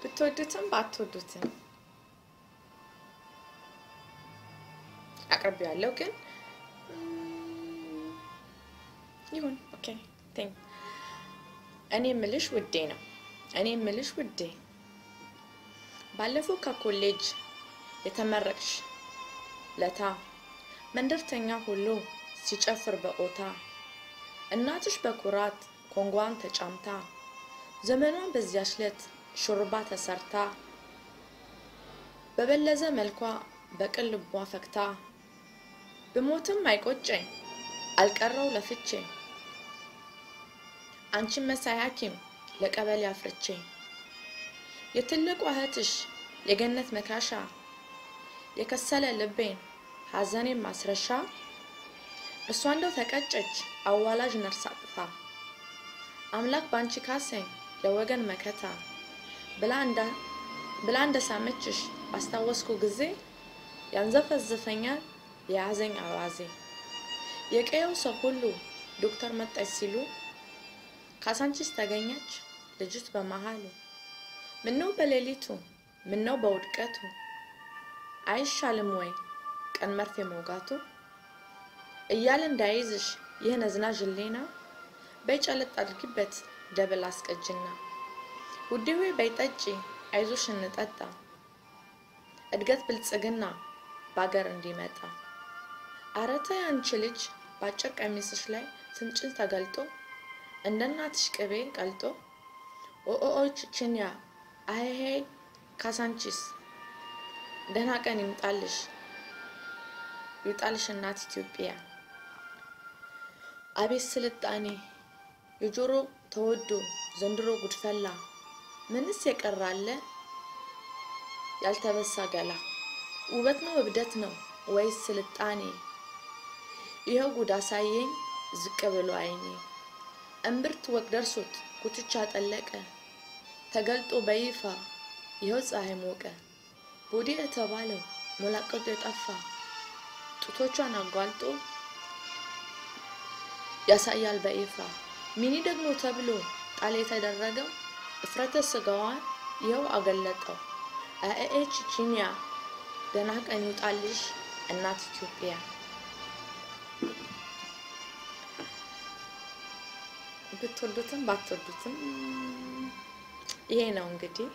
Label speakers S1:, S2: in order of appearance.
S1: ብትወዱትም ባትወዱትም አቅርቢ ያለው ግን ይሁን። ኦኬ ቴንክ እኔ ምልሽ ውዴ ነው። እኔ ምልሽ ውዴ ባለፈው ከኮሌጅ የተመረቅሽ ለታ መንደርተኛ ሁሉ ሲጨፍር በኦታ እናትሽ በኩራት ኮንጓን ተጫምታ ዘመኗን በዚያች ለት ሹርባ ተሰርታ በበለዘ መልኳ በቅን ልቧ ፈክታ ብሞትም አይቆጨኝ አልቀረው ለፍቼ አንቺን መሳይ ሐኪም ለቀበሌ አፍርቼ የትልቁ እህትሽ የገነት መካሻ የከሰለ ልቤን ሐዘኔን ማስረሻ እሷ እንደው ተቀጨች አዋላጅ ነርስ አጥፋ አምላክ ባንቺ ካሰኝ ለወገን መከታ ብላ እንደሳመችሽ ባስታወስኩ ጊዜ ያንዘፈዘፈኛ የያዘኝ አዋዜ። የቀየው ሰው ሁሉ ዶክተር መጣች ሲሉ ካሳንቺስ ተገኘች ልጅት በመሃሉ። ምነው በሌሊቱ ምነው በውድቀቱ አይሻልም ወይ ቀን መርፌ መውጋቱ? እያለ እንዳይዝሽ ይህን አዝናዥ ሌና በጨለጥ አድርጊበት ደብል አስቀጅና ውዴ በይጠጪ አይዞሽ እንጠጣ እድገት ብልጽግና በአገር እንዲመጣ አረተ አንቺ ልጅ በአጭር ቀሚስሽ ላይ ስንጭል ተገልጦ እንደ እናትሽ ቅቤ ቀልጦ ኦኦች ችንያ አሄሄ ካሳንቺስ ደህና ቀን ይምጣልሽ ይውጣልሽ እናት ኢትዮጵያ አቤት ስልጣኔ የጆሮ ተወዶ ዘንድሮ ጉድፈላ ምንስ የቀራለ ያልተበሳ ገላ ውበት ነው እብደት ነው ወይስ ስልጣኔ ይኸው ጉድ አሳየኝ ዝቅ ብሎ አይኔ እምብርት ወቅ ደርሶት ኩትቻ ጠለቀ ተገልጦ በይፋ ይኸው ፀሐይ ሞቀ ቦዴ የተባለው ሞላቀጡ የጠፋ ጡቶቿን አጓልጦ ያሳያል በኤፋ ሚኒ ደግሞ ተብሎ ጣል የተደረገው እፍረተ ስጋዋን ይኸው አገለጠው። አኤ ቺቺኒያ ደህና ቀን ይውጣልሽ እናት ኢትዮጵያ። ብትወዱትም ባትወዱትም ይሄ ነው እንግዲህ